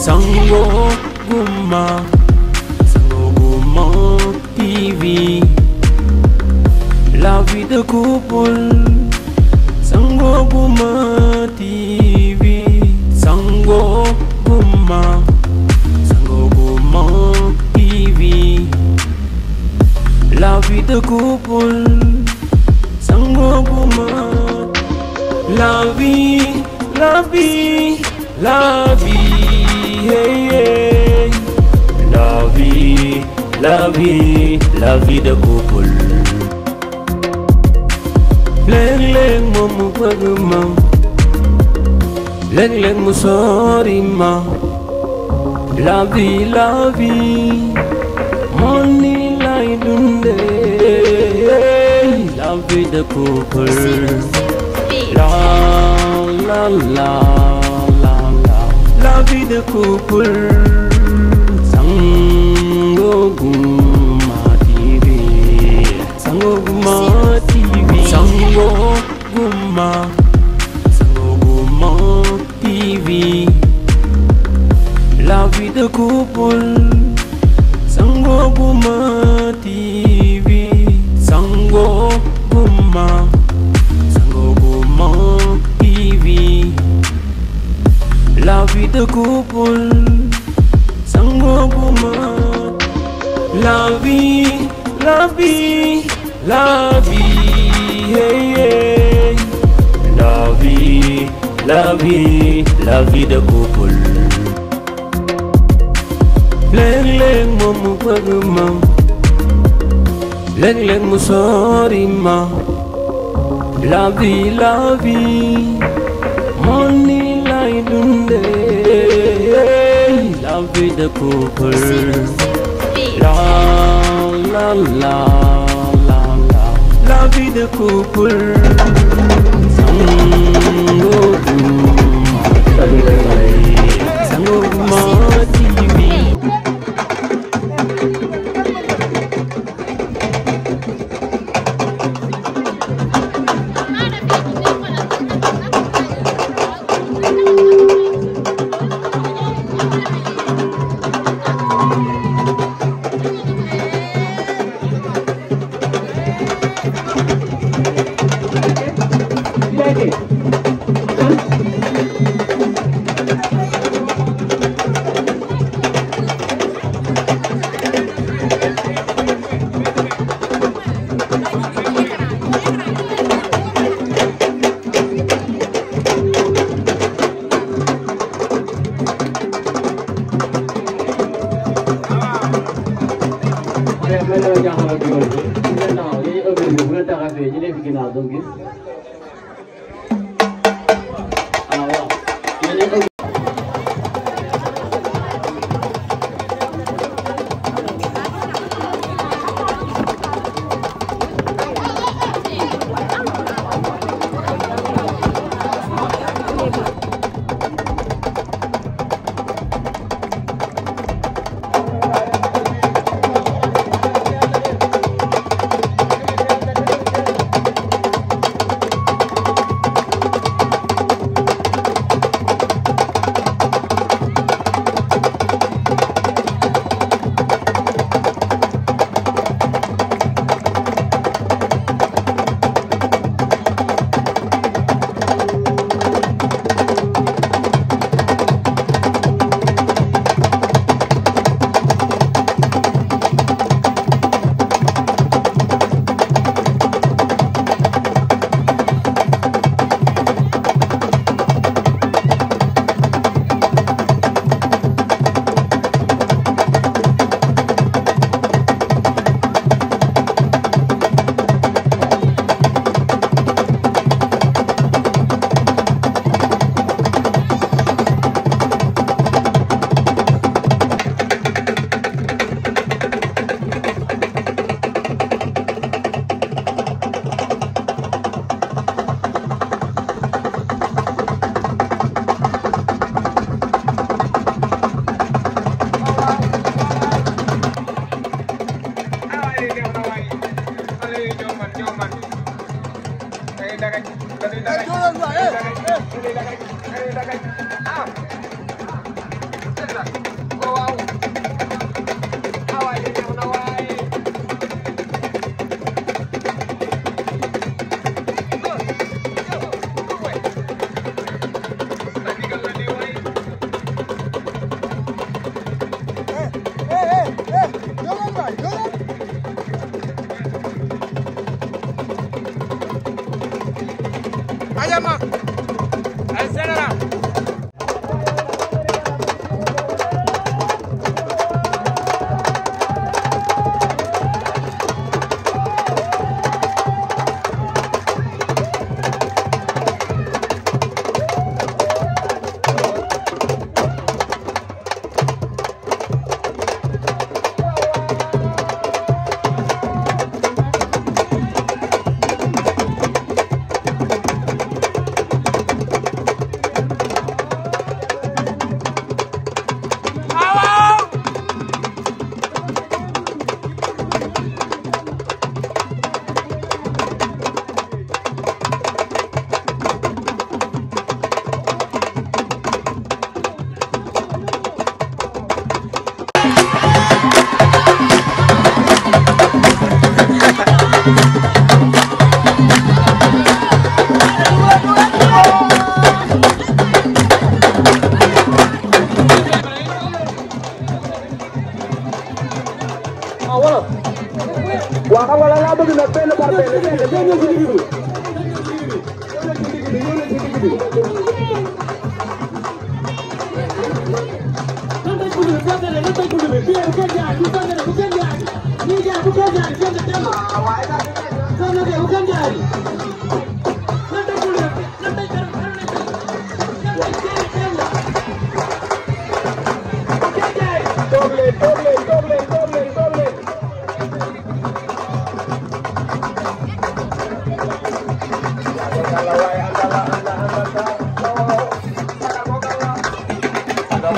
Sango Guma Sango Guma TV La vie de couple Sango Guma TV Sango Guma Sango Guma TV La vie de couple Sango Guma La vie, la vie, la vie La vie, la vie, la vie de couple Leng leng mo mu bëgg ma Leng leng mu sori ma La vie, la vie Mon ni lay dundee La vie de couple La la la عبدك كل vie, la vie, la vie, hey, hey. la vie, la vie, la vie de couple. Leng leng mo mu pagma, leng leng mo sorima, la vie, la vie, money lai dunde, la vie de couple. La la la la la La vida kukul Sanggo Sanggo ñu ngi leen taxaw yéen ñi ëpp ñu bu ngeen taxaw fee ñu nekk ginnaaw doo gis.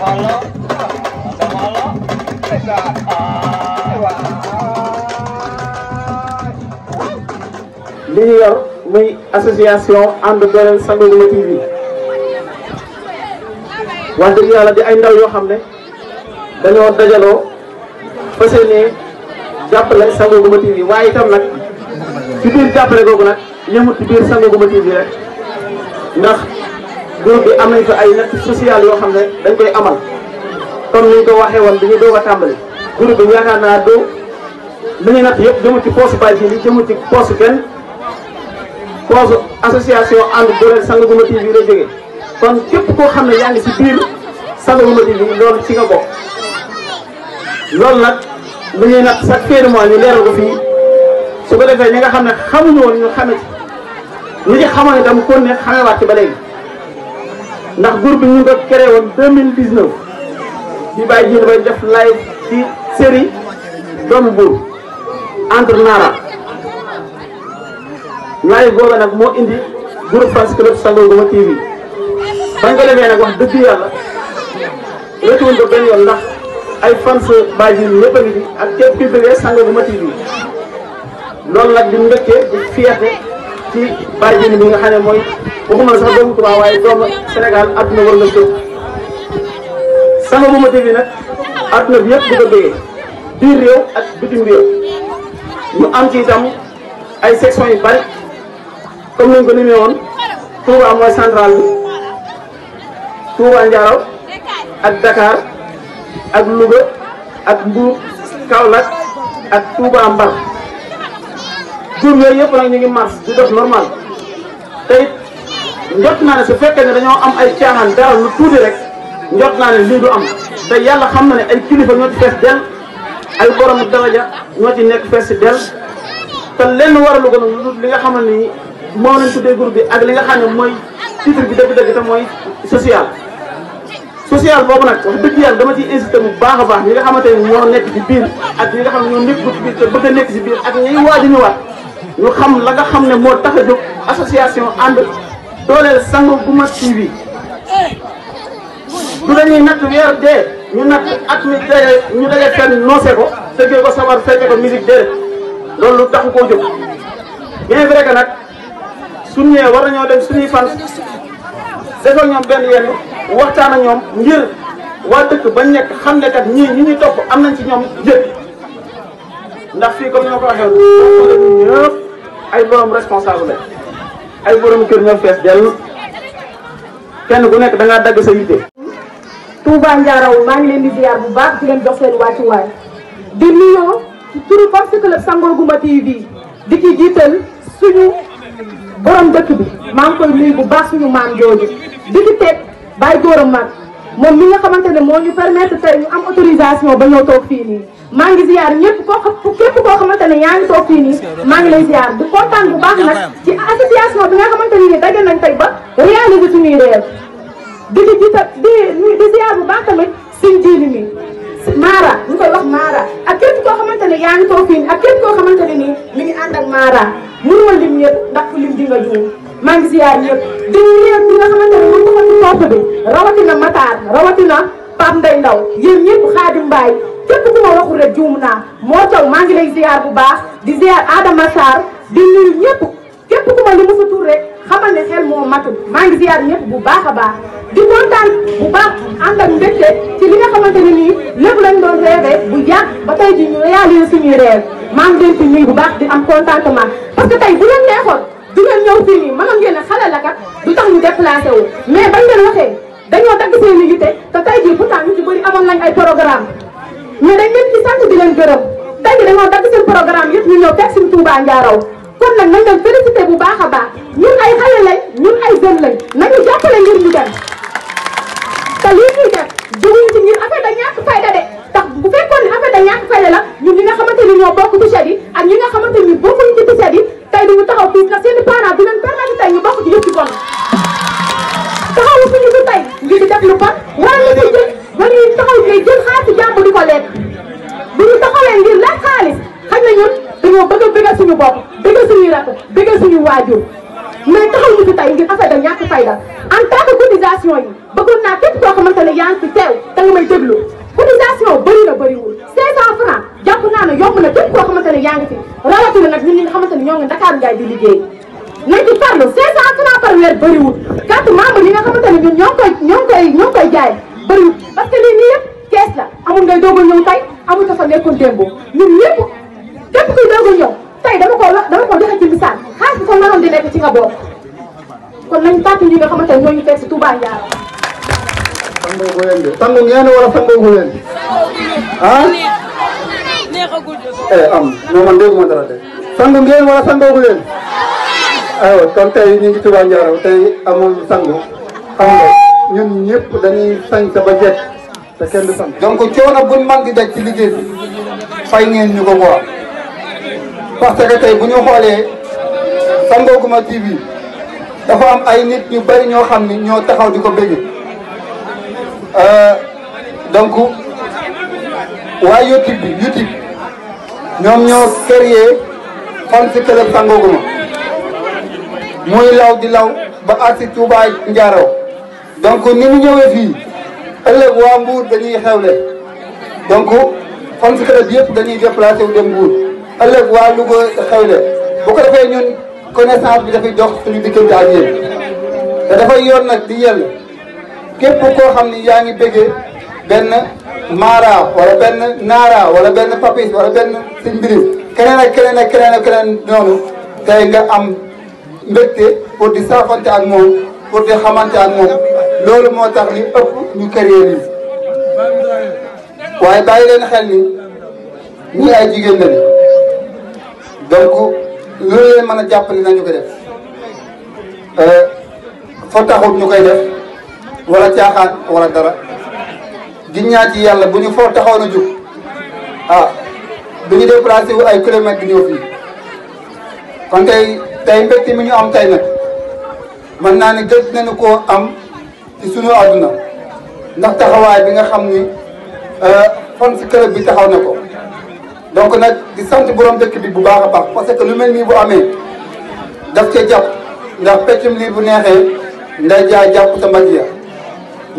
Hello. li ñu muy association ànd dooleel Sango Gouma TV yàlla di ay ndaw yoo xam ne dañoo dajaloo fas yéenee jàppale Sango Gouma TV waaye itam nag ci jàppale googu nag yëmut ci biir Sango TV ndax groupe bi am nañ ay natt social yoo xam ne dañ koy amal. comme ni ñu ko woon bi ñu doog a tàmbali groupe naa du li ñu yëpp jëmu ci poosu bay ci poosu kenn poosu association ànd dooleel Sangoma kon képp koo xam ne yaa ngi si biir Sangoma TV bi loolu ci nga bokk loolu nag lu ñuy natt chaque fin mois ñu leeral ko fii su ko defee ñi nga xam ne xamuñu woon ñu xame ci ñi ci xamoon itam kon ne xamewaat ba léegi ndax groupe bi ñu ngi ko créé woon 2019 di bàyyi jiw bay def live ci série doomu buur entre Nara live boobu nag moo indi groupe Fans Club Sangoma TV bañ ko defee wax dëgg yàlla retoon ko benn yoon ndax ay fans bàyyi jiw ñëpp a ngi fi ak képp kuy bëggee Sangoma TV loolu nag ci bàyyi bi nga xam ne mooy waxuma sax doomu Tuubaa waaye doomu Sénégal àdduna war na sama bu ma TV nag àdduna bi yëpp di ko bëggee biir réew ak bitim réew ñu am ay section yu bari comme ni ñu ko mooy centrale bi Touba ak Dakar ak Louga ak Mbour Kaolack ak Touba Mbar jur yooyu yëpp nag ñu ngi mars di def normal te it naa ne su fekkee ne dañoo am ay caaxaan dara lu tuuti rek njot naa ne lii du am te yàlla xam na ne ay kilifa ñoo ci fees del ay borom daraja ñoo ci nekk fees del te lenn waralu ko nag li nga xamal ni moom lañ tuddee groupe bi ak li nga xam ne mooy titre bi dëgg-dëgg te mooy social. social boobu nag wax dëgg yàlla dama ciy insisté bu baax a baax ñi nga xamante ne ñoo nekk ci biir ak ñi nga xam ne ñoo nekk ci biir te bëgg a nekk ci biir ak ñiy waaj a ñëwaat ñu la nga xam ne moo tax a jóg association ànd dooleel sango bu mat TV du dañuy natt weer dee ñu natt at mi dee ñu daje seen noose ko tëggee ko sabar fecce ko musique dee loolu taxu koo jóg bien vrai que nag suñ ñëwee war nañoo dem suñuy fan defal ñoom benn yenn waxtaan ak ñoom ngir waa dëkk ba nekk xam ne kat ñii ñi ñu topp am nañ ci ñoom yëg ndax fii comme ñoo ko waxee woon ñëpp ay borom responsable ay borom kër ñoo fees dell kenn ku nekk da ngaa dagg sa yitte Touba Ndiaraw maa ngi leen di ziar bu baax di leen jox seen wàccuwaay di nuyoo ci turu Box Club Sango Gouma TV di ci jiital suñu borom dëkk bi maa ngi koy nuyu bu baax suñu maam jooju di ci teg bàyyi góoram mag moom mi nga xamante ni moo ñu permettre tey ñu am autorisation ba ñoo toog fii nii maa ngi ziar ñëpp koo képp koo xamante ni yaa ngi toog fii nii maa ngi lay ziar di kontaan bu baax nag ci association bi nga xamante ne nii daje nañ tey ba réaliser di li jiita di di ziar bu baax tamit suñ jiili mi Mara ñu koy wax Mara ak képp koo xamante ne yaa ngi toog fii ak képp koo xamante ne nii mi ngi ànd ak Mara mënu ma lim yëpp ndax ku lim di nga juum maa ngi ziar ñëpp di yéen ñi nga xamante ne moom taxaw ci topp bi rawatina Matar rawatina Pape Ndeye Ndaw yéen ñëpp Xaadim Mbaay képp ku ma waxul rek juum naa moo taw maa ngi lay ziar bu baax di ziar Adama Sarr di nuyu ñëpp képp ku ma limu sa tur rek xamal ne xel moo matul maa ngi ziar ñëpp bu baax a baax di kontaan bu baax ànd ak mbégte ci li nga xamante ne nii lépp lañ doon rêvé bu yàgg ba tey ji ñu réaliser suñuy rêve maa ngi leen ci nuyu bu baax di am contentement parce que tey bu leen neexoon du ngeen ñëw fii nii mënoon ngeen xale la du tax ñu déplacé wu mais bañ leen waxee dañoo dagg seen i yitte te tey ñu ci bëri amoon nañ ay programme mais dañ leen ci sant di leen gërëm programme yëpp ñu ñëw teg suñu kon nag nañ leen félicité bu baax a baax ñun ay xale lañ ñun ay jeunes lañ nañu jàppale ngir ñu dem te lii ñuy def duguñ ci ngir affaire da ñàkk fayda de tax bu fekkoon ne affaire da ñàkk fayda la ñun ñi nga xamante ni ñoo bokk ci yi ak ñi nga xamante ni bokkuñ ci yi tey duñu taxaw fii na seen liggéey nañ ci farlu 500 francs par weer bëriwul carte membre yi nga xamante ne ñun ñoo ngi koy ñoo ngi koy ñoo ngi koy jaay bëriwul parce que nii yëpp kees la amul ngay doog a ñëw tey amul dafa nekkoon démb ñun ñëpp képp kuy doog a ñëw tey dama ko wax dama ko joxe ci misaal xaalis bi fa naroon di nekk ci nga bokk kon nañ tànn ñi nga xamante ne ñoo ñu fekk si Touba Ndiara. sangoo ko leen ngeen wala sangoo ko ah. eh am non man dégg ma de sangu ngeen wala sangoo ko waaw kon tey ñu ngi Touba Ndiaro tey amul sangu xam nga ñun ñëpp dañuy sañ sa ba jekk te kenn du sant. donc coono buñ man di daj ci liggéey bi fay ngeen ñu ko quoi parce que tey bu ñu xoolee Sango Gouma TV dafa am ay nit ñu bari ñoo xam ni ñoo taxaw di ko bëgg euh, donc waa YouTube bi YouTube ñoom ñoo créé fan si club Sango Gouma moy law di law ba arti Touba ndiaro donc ni mu ñëwee fi ëlëk wa Mbour dañuy xewlé donc fan si club yépp dañuy déplacer wu dem ëlëk wa lu ko xewlé bu ko defé ñun connaissance bi dafay dox suñu diggante ak yéen da dafay yoon nak di yell képp ko xamni yaangi bëggé ben Mara wala ben nara wala ben Papis wala ben sindri keneen ak keneen ak keneen ak keneen noonu tey nga am. mbégte pour di saafante ak moom pour di xamante ak moom loolu moo tax li ëpp ñu carrière yi waaye bàyyi leen xel ni ñii ay jigéen lañu donc loolu leen mën a jàppale nañu ko def euh, fa taxut ñu koy def wala caaxaan wala dara ginnaaw ci yàlla bu ñu foo taxaw na jug ah bu ñu déplacé wu ay kilomètres ñëw fii kon tey mbégte mi ñu am tey nag mën naa ne gëj nañu koo am ci sunu àdduna ndax taxawaay bi nga xam ni euh, fan si club bi taxaw na ko donc nag di sant borom dëkk bi bu baax a baax parce que lu mel nii bu amee daf ca jàpp ndax peccum lii bu neexee nday jaay jàpp sa mbagg ya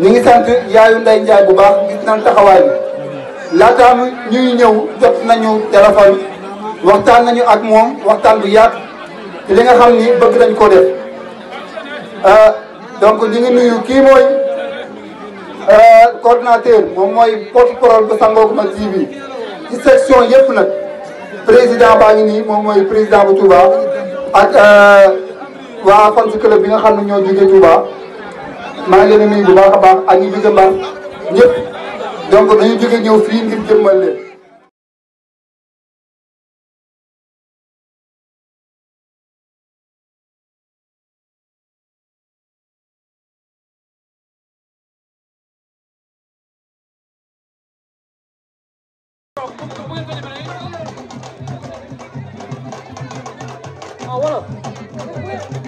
ñu ngi sant yaayu nday njaay bu baax gis nañ taxawaay bi laataam ñuy ñëw jot nañu téléphone waxtaan nañu ak moom waxtaan bu yaatu li nga xam ni bëgg nañ koo def euh, donc ñu ngi nuyu kii mooy euh, coordinateur moom moy porte-parole bu Sangoku Mat TV ci section yëpp nag président baa ngi nii moom mooy président ba Touba ak euh, waa fans club bi nga xam ne ñoo jógee Touba maa ngi leen di nuyu bu baax a baax ak ñu jóge ñëpp donc dañu jóge ñëw fii ngir jëmmal leen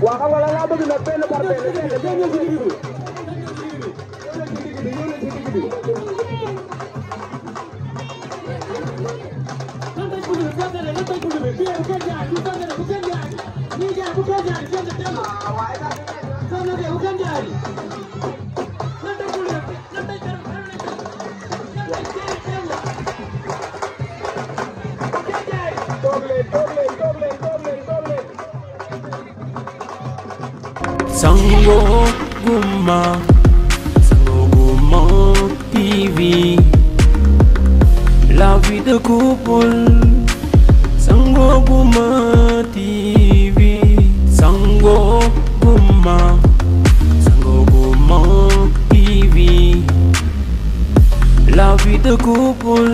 waaw xam nga lan laa bëgg nag benn par benn benn benn ci digg bi waaw waaye Sango Guma Sango Guma TV La vie de couple Sango Guma TV Sango Guma Sango Guma TV La vie de couple